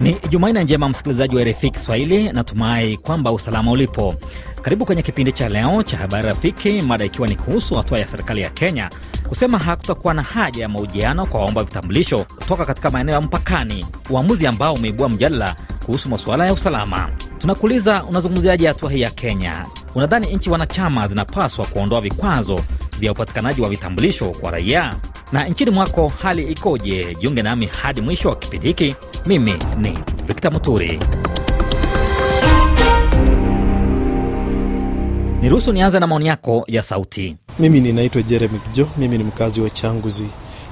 Ni jumaina njema msikilizaji wa RFI Kiswahili, natumai kwamba usalama ulipo. Karibu kwenye kipindi cha leo cha habari rafiki, mada ikiwa ni kuhusu hatua ya serikali ya Kenya kusema hakutakuwa na haja ya mahojiano kwa waomba vitambulisho kutoka katika maeneo ya mpakani, uamuzi ambao umeibua mjadala kuhusu masuala ya usalama. Tunakuuliza, unazungumziaji hatua hii ya Kenya? Unadhani nchi wanachama zinapaswa kuondoa vikwazo vya upatikanaji wa vitambulisho kwa raia? na nchini mwako hali ikoje? Jiunge nami hadi mwisho wa kipindi hiki. Mimi ni Victor Muturi. Niruhusu nianze na maoni yako ya sauti. Mimi ninaitwa Jeremy Kijo, mimi ni mkazi wa Changuzi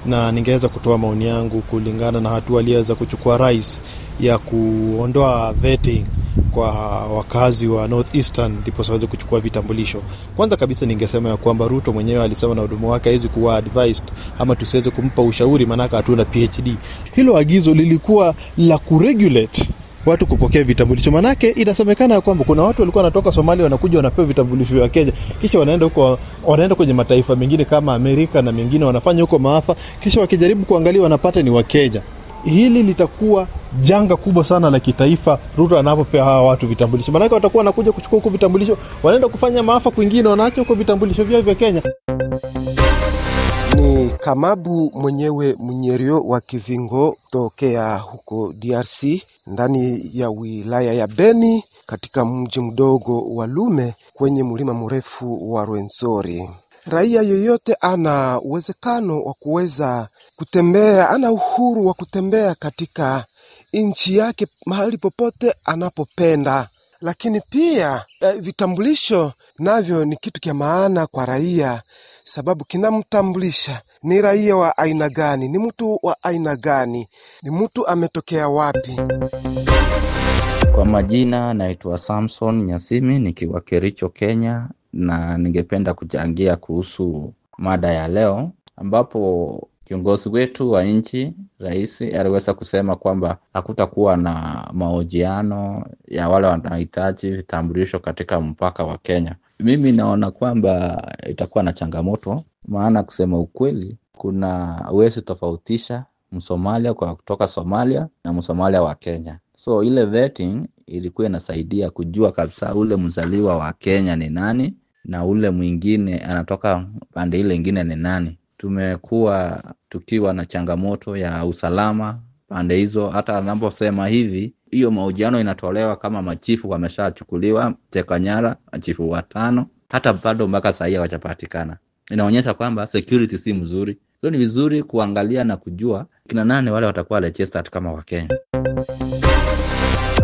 na ningeweza kutoa maoni yangu kulingana na hatua aliyeweza kuchukua rais ya kuondoa vetting kwa wakazi wa northeastern ndipo saweze kuchukua vitambulisho. Kwanza kabisa ningesema ya kwamba Ruto mwenyewe alisema na hudumu wake hawezi kuwa advised ama tusiweze kumpa ushauri, maanake hatuna PhD. Hilo agizo lilikuwa la kuregulate watu kupokea vitambulisho, manake inasemekana ya kwamba kuna watu walikuwa wanatoka Somalia wanakuja wanapewa vitambulisho vya Kenya, kisha wanaenda huko, wanaenda kwenye mataifa mengine kama Amerika na mengine, wanafanya huko maafa, kisha wakijaribu kuangalia wanapata ni Wakenya. Hili litakuwa janga kubwa sana la kitaifa Ruto anapopea hawa watu vitambulisho, maanake watakuwa wanakuja kuchukua huko vitambulisho, wanaenda kufanya maafa kwingine, wanaacha huko vitambulisho vyao vya Kenya. Ni Kamabu mwenyewe Mnyerio wa Kivingo tokea huko DRC ndani ya wilaya ya Beni katika mji mdogo wa Lume kwenye mlima mrefu wa Rwenzori. Raia yoyote ana uwezekano wa kuweza kutembea, ana uhuru wa kutembea katika nchi yake mahali popote anapopenda. Lakini pia eh, vitambulisho navyo ni kitu kya maana kwa raia, sababu kinamtambulisha ni raia wa aina gani, ni mtu wa aina gani, ni mtu ametokea wapi. Kwa majina naitwa Samson Nyasimi nikiwa Kericho, Kenya, na ningependa kuchangia kuhusu mada ya leo ambapo Kiongozi wetu wa nchi, rais, aliweza kusema kwamba hakutakuwa na mahojiano ya wale wanahitaji vitambulisho katika mpaka wa Kenya. Mimi naona kwamba itakuwa na changamoto, maana kusema ukweli, kuna huwezi tofautisha Msomalia kwa kutoka Somalia na Msomalia wa Kenya. So ile vetting ilikuwa inasaidia kujua kabisa ule mzaliwa wa Kenya ni nani na ule mwingine anatoka pande ile ingine ni nani tumekuwa tukiwa na changamoto ya usalama pande hizo. Hata anaposema hivi, hiyo mahojiano inatolewa kama machifu wameshachukuliwa teka nyara, machifu watano, hata bado mpaka sahii hawajapatikana. Inaonyesha kwamba security si mzuri, so ni vizuri kuangalia na kujua kina nane wale watakuwa registered kama Wakenya.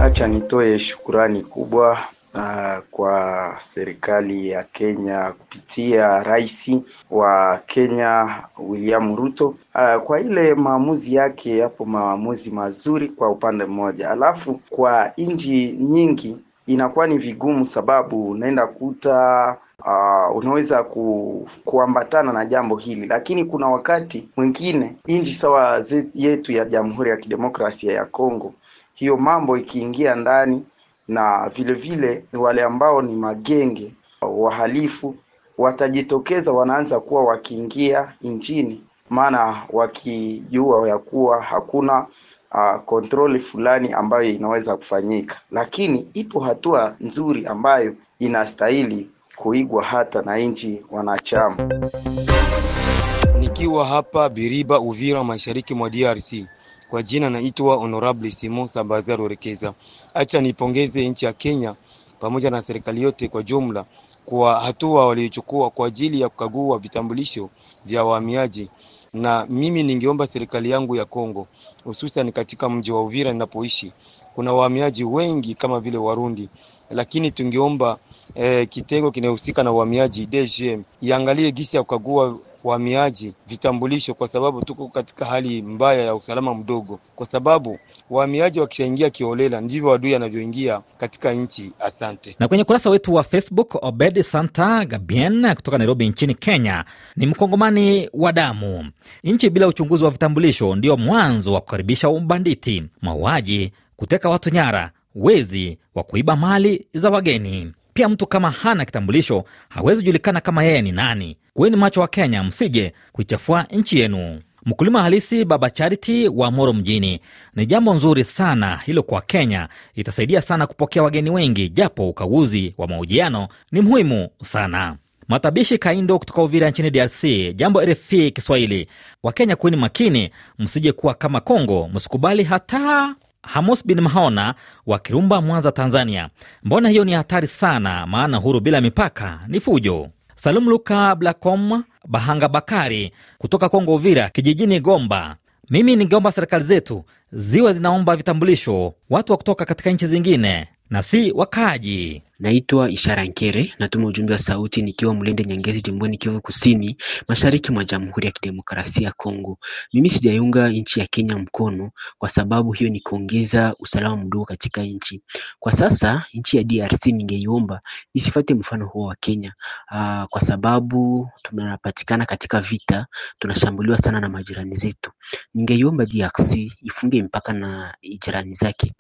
Acha nitoe shukurani kubwa Uh, kwa serikali ya Kenya kupitia rais wa Kenya William Ruto uh, kwa ile maamuzi yake, yapo maamuzi mazuri kwa upande mmoja, alafu kwa nchi nyingi inakuwa ni vigumu, sababu unaenda kuta Uh, unaweza ku, kuambatana na jambo hili, lakini kuna wakati mwingine nchi sawa yetu ya Jamhuri ya Kidemokrasia ya Kongo, hiyo mambo ikiingia ndani na vilevile wale ambao ni magenge wahalifu watajitokeza, wanaanza kuwa wakiingia nchini, maana wakijua ya kuwa hakuna uh, ah, kontroli fulani ambayo inaweza kufanyika. Lakini ipo hatua nzuri ambayo inastahili kuigwa hata na nchi wanachama. Nikiwa hapa Biriba, Uvira, mashariki mwa DRC. Kwa jina naitwa Honorable Simon Sambazia Rorekeza. Acha nipongeze nchi ya Kenya pamoja na serikali yote kwa jumla kwa hatua waliochukua kwa ajili ya kukagua vitambulisho vya wahamiaji, na mimi ningeomba serikali yangu ya Kongo, hususan katika mji wa Uvira ninapoishi, kuna wahamiaji wengi kama vile Warundi, lakini tungeomba eh, kitengo kinayohusika na uhamiaji DGM iangalie gisi ya kukagua wahamiaji vitambulisho, kwa sababu tuko katika hali mbaya ya usalama mdogo, kwa sababu wahamiaji wakishaingia kiolela ndivyo adui anavyoingia katika nchi. Asante. Na kwenye kurasa wetu wa Facebook, Obed Santa Gabien kutoka Nairobi nchini Kenya ni mkongomani wa damu. Nchi bila uchunguzi wa vitambulisho ndiyo mwanzo wa kukaribisha ubanditi, mauaji, kuteka watu nyara, wezi wa kuiba mali za wageni. Pia mtu kama hana kitambulisho hawezi julikana kama yeye ni nani. Kuweni macho wa Kenya, msije kuichafua nchi yenu. Mkulima halisi Baba chariti wa Moro mjini, ni jambo nzuri sana hilo kwa Kenya, itasaidia sana kupokea wageni wengi, japo ukaguzi wa mahojiano ni muhimu sana. Matabishi Kaindo kutoka Uvira nchini DRC. Jambo rf Kiswahili. Wakenya kuini makini, msije kuwa kama Kongo, msikubali hata Hamus bin mahona wa Kirumba, Mwanza, Tanzania. Mbona hiyo ni hatari sana, maana huru bila mipaka ni fujo. Salum Luka Blacom Bahanga Bakari kutoka Kongo, Uvira kijijini Gomba. Mimi ningeomba serikali zetu ziwe zinaomba vitambulisho watu wa kutoka katika nchi zingine na si wakaji Naitwa Ishara Nkere, natuma ujumbe wa sauti nikiwa Mlende nyengezi jimboni Kivu Kusini, mashariki mwa Jamhuri ya Kidemokrasia ya Kongo. Mimi sijaiunga nchi ya Kenya mkono kwa sababu hiyo ni kuongeza usalama mdogo katika nchi. Kwa sasa nchi ya DRC ningeiomba isifate mfano huo wa Kenya. Aa, ah, kwa sababu tunapatikana katika vita, tunashambuliwa sana na majirani zetu. Ningeiomba DRC ifunge mpaka na jirani zake.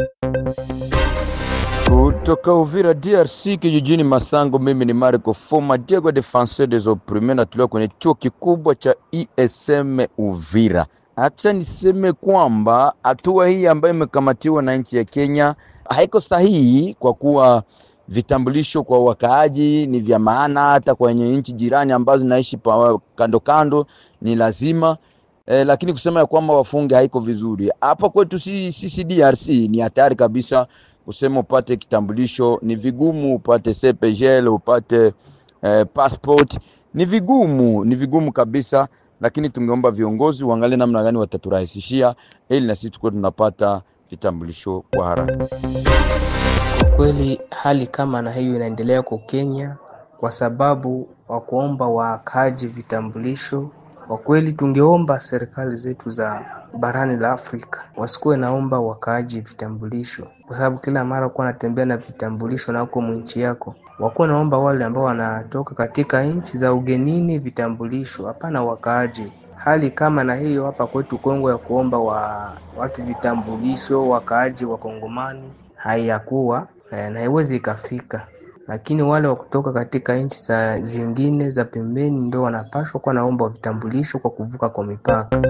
Kutoka Uvira DRC kijijini Masango, mimi ni Marco Foma Diego Defenseur des Opprimes, natuliwa kwenye chuo kikubwa cha ISM e Uvira. Acha niseme kwamba hatua hii ambayo imekamatiwa na nchi ya Kenya haiko sahihi, kwa kuwa vitambulisho kwa wakaaji ni vya maana, hata kwenye nchi jirani ambazo naishi kando kando ni lazima E, lakini kusema ya kwamba wafunge haiko vizuri. Hapa kwetu sisi si DRC ni hatari kabisa useme upate kitambulisho ni vigumu, upate CPGL, upate eh, passport ni vigumu, ni vigumu kabisa, lakini tungeomba viongozi waangalie namna gani wataturahisishia ili na sisi tukuwe tunapata vitambulisho kwa haraka. Kweli hali kama na hiyo inaendelea kwa Kenya kwa sababu wa kuomba wakaji vitambulisho. Kwa kweli tungeomba serikali zetu za barani la Afrika wasikuwe naomba wakaaji vitambulisho kwa sababu kila mara kuwa anatembea na vitambulisho huko mwinchi yako, wakuwa naomba wale ambao wanatoka katika nchi za ugenini vitambulisho, hapana wakaaji. Hali kama na hiyo hapa kwetu Kongo ya kuomba wa watu vitambulisho wakaaji wakongomani haiyakuwa eh, na haiwezi ikafika lakini wale wa kutoka katika nchi zingine za pembeni ndio wanapaswa kuwa naomba vitambulisho kwa kuvuka kwa mipaka.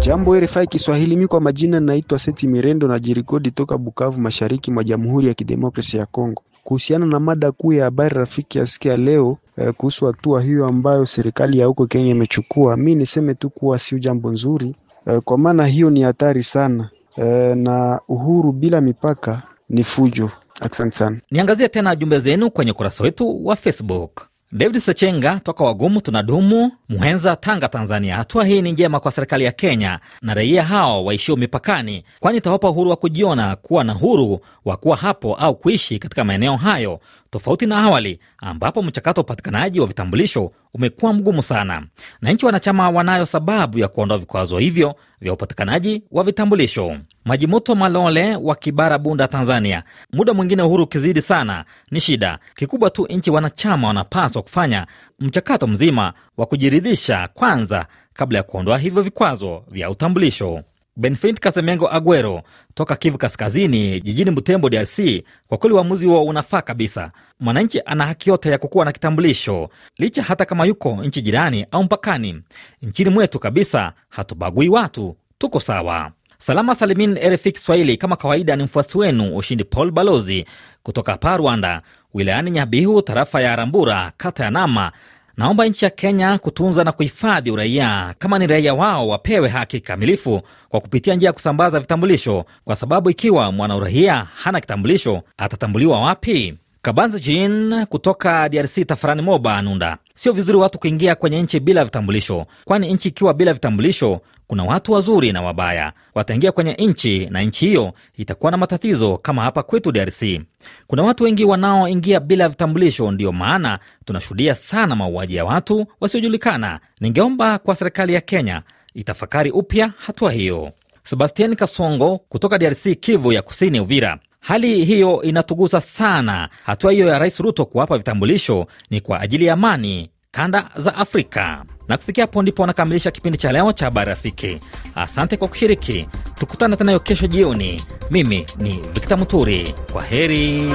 Jambo RFI Kiswahili, mi kwa majina naitwa Seti Mirendo na jirikodi toka Bukavu, mashariki mwa Jamhuri ya Kidemokrasia ya Kongo, kuhusiana na mada kuu ya habari rafiki ya siku ya leo eh, kuhusu hatua hiyo ambayo serikali ya huko Kenya imechukua. Mi niseme tu kuwa sio jambo nzuri eh, kwa maana hiyo ni hatari sana eh, na uhuru bila mipaka ni fujo. Asante sana. Niangazie tena jumbe zenu kwenye ukurasa wetu wa Facebook. David Sechenga toka Wagumu tunadumu Muhenza, Tanga, Tanzania. Hatua hii ni njema kwa serikali ya Kenya na raia hao waishio mipakani, kwani itawapa uhuru wa kujiona kuwa na huru wa kuwa hapo au kuishi katika maeneo hayo, tofauti na awali ambapo mchakato wa upatikanaji wa vitambulisho umekuwa mgumu sana, na nchi wanachama wanayo sababu ya kuondoa vikwazo hivyo vya upatikanaji wa vitambulisho. Majimoto Malole wa Kibara, Bunda, Tanzania. Muda mwingine uhuru ukizidi sana ni shida. Kikubwa tu nchi wanachama wanapaswa kufanya mchakato mzima wa kujiridhisha kwanza kabla ya kuondoa hivyo vikwazo vya utambulisho. Benfint Kasemengo Aguero toka Kivu Kaskazini, jijini Butembo, DRC. Kwa kweli uamuzi huo unafaa kabisa. Mwananchi ana haki yote ya kukuwa na kitambulisho licha, hata kama yuko nchi jirani au mpakani. Nchini mwetu kabisa hatubagui watu, tuko sawa. Salama Salimin, RFI Kiswahili. Kama kawaida, ni mfuasi wenu Ushindi Paul Balozi kutoka hapa Rwanda, wilayani Nyabihu, tarafa ya Rambura, kata ya Nama. Naomba nchi ya Kenya kutunza na kuhifadhi uraia. Kama ni raia wao, wapewe haki kamilifu kwa kupitia njia ya kusambaza vitambulisho, kwa sababu ikiwa mwanauraia hana kitambulisho, atatambuliwa wapi? Kabanza Jean kutoka DRC, Tafarani Moba Anunda. Sio vizuri watu kuingia kwenye nchi bila vitambulisho, kwani nchi ikiwa bila vitambulisho, kuna watu wazuri na wabaya wataingia kwenye nchi na nchi hiyo itakuwa na matatizo, kama hapa kwetu DRC kuna watu wengi wanaoingia bila vitambulisho. Ndiyo maana tunashuhudia sana mauaji ya watu wasiojulikana. Ningeomba kwa serikali ya Kenya itafakari upya hatua hiyo. Sebastian Kasongo kutoka DRC, Kivu ya Kusini, Uvira. Hali hiyo inatugusa sana. Hatua hiyo ya Rais Ruto kuwapa vitambulisho ni kwa ajili ya amani kanda za Afrika. Na kufikia hapo ndipo wanakamilisha kipindi cha leo cha habari rafiki. Asante kwa kushiriki, tukutane tena hiyo kesho jioni. Mimi ni Victor Muturi, kwa heri.